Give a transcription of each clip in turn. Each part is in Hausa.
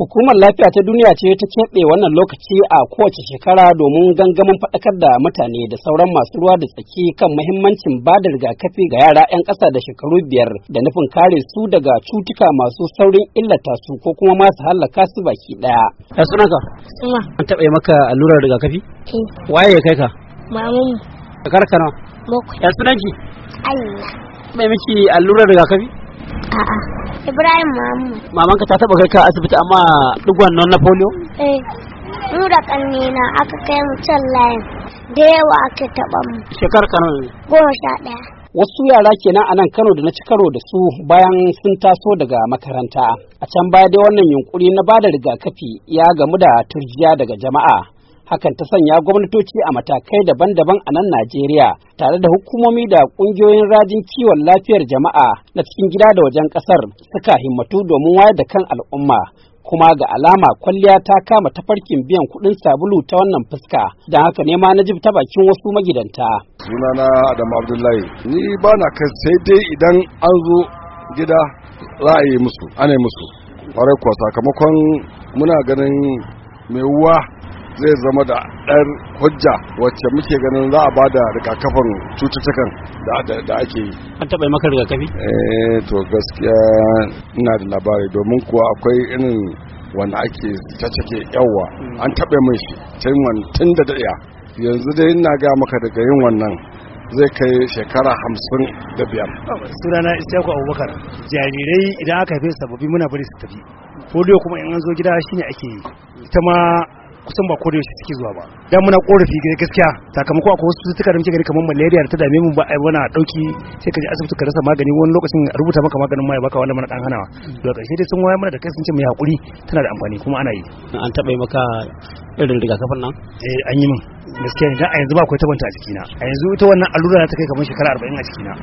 Hukumar lafiya ta duniya ce ta keɓe wannan lokaci a kowace shekara domin gangamin faɗakar da mutane da sauran masu ruwa da tsaki kan mahimmancin ba da rigakafi ga yara 'yan ƙasa da shekaru biyar da nufin kare su daga cutuka masu saurin illata su ko kuma masu hallaka su baki ɗaya. Ya suna ka? Suna. An taɓa yi maka allurar rigakafi? Eh. Waye ya kai ka? Mamun. Ka kar nawa? Bakwai. Ya sunan ki? Allah. Bai miki allurar rigakafi? A'a. Ibrahim Mamu. Mamanka ta taba kai ka asibiti amma digon wannan na polio? Eh. Mu da na aka kai mu can layin da yawa aka taba mu. Shekar Kano ne? Goma sha ɗaya. Wasu yara kenan a nan Kano da na ci karo da su bayan sun taso daga makaranta. A can baya dai wannan yunkuri na bada rigakafi ya gamu da turjiya daga jama'a. hakan ta sanya gwamnatoci a matakai daban-daban a nan Najeriya tare da hukumomi da kungiyoyin rajin kiwon lafiyar jama'a na cikin gida da wajen kasar suka himmatu domin wayar da kan al'umma kuma ga alama kwalliya ta kama tafarkin biyan kuɗin sabulu ta wannan fuska don haka ne ma najib ta bakin wasu magidanta sunana adamu abdullahi ni ba na kai sai dai idan an zo gida za a yi musu ana yi musu kwarai kuwa sakamakon muna ganin mai wuwa zai zama da ɗan hujja wacce muke ganin za a bada rigakafin cututtukan da ake yi an taɓa maka rigakafi eh to gaskiya ina da labari domin kuwa akwai irin wanda ake ta cike yawa hmm. an taɓa mai shi tun da daɗa yanzu dai ina ga maka daga yin wannan zai kai shekara hamsin da biyar. sunana isyaku abubakar jarirai idan aka haife sababbi muna bari su tafi polio kuma in an zo gida shine ake yi ita ma kusan ba ko da yaushe suke zuwa ba dan muna korafi ga gaskiya sakamako akwai wasu cututtuka da muke gani kamar malaria da ta dame mu ba ai wani dauki sai ka je asibiti ka rasa magani wani lokacin rubuta maka maganin ma ya baka wannan mana dan hanawa daga karshe dai sun waya mana da kai sun ce mai hakuri tana da amfani kuma ana yi an taba maka irin rigakafin nan eh an yi min gaskiya idan a yanzu ba akwai tabanta a jikina a yanzu ita wannan allura ta kai kamar shekara 40 a jikina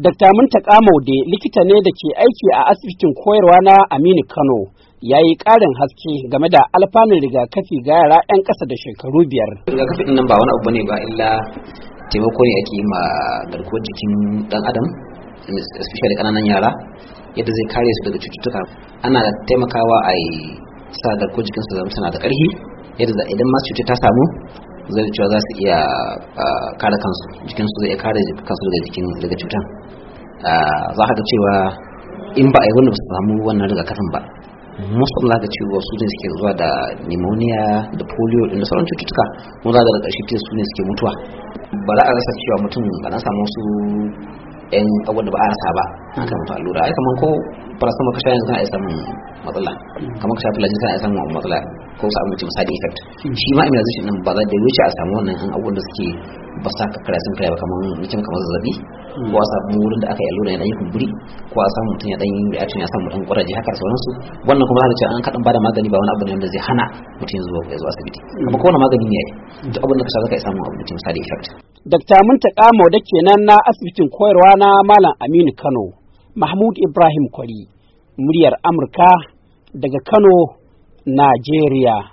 Dr. Minta de likita ne da ke aiki a asibitin koyarwa na Aminu Kano ya yi ƙarin haske game da alfanun rigakafi ga yara 'yan ƙasa da shekaru biyar. rigakafin nan ba wani abu ne ba illa taimako ne ake yi ma garkuwar jikin ɗan adam especially ƙananan yara yadda zai kare su daga cututtuka ana taimakawa a yi sa garkuwar jikin su zama tana da ƙarfi yadda za idan masu cuta ta samu zai cewa za su iya kare kansu jikin su zai iya kare kansu daga jikin daga cutan za ka ga cewa in ba a yi wanda ba su samu wannan rigakafin ba most of ga cewa su ne suke zuwa da pneumonia da polio da sauran cututtuka mun zaga da ƙarshe su ne suke mutuwa ba za a rasa cewa mutum ba na samu su yan abubuwan da ba a rasa ba aka mutu allura ai kamar ko farasa maka sha yanzu kana samun matsala kamar ka sha filajin kana iya samun matsala ko sa mutum sa da effect shi ma immunization din ba za da wuce a samu wannan abubuwan da suke ba sa kakara sun kai ba kamar mutum kamar zazzabi ko a samu wurin da aka yi allura yana dan yi kumburi ko a samu mutum ya dan yi reaction ya samu dan kuraje haka sauransu wannan kuma zaka ce an kadan da magani ba wani abu ne wanda zai hana mutum zuwa ya zuwa asibiti amma kowane magani ne yake duk abin da ka sa zaka yi samun abu mutum da effect Dr. Muntaka Mauda kenan na asibitin koyarwa na Malam Aminu Kano Mahmud Ibrahim Kwari muryar Amurka daga Kano Najeriya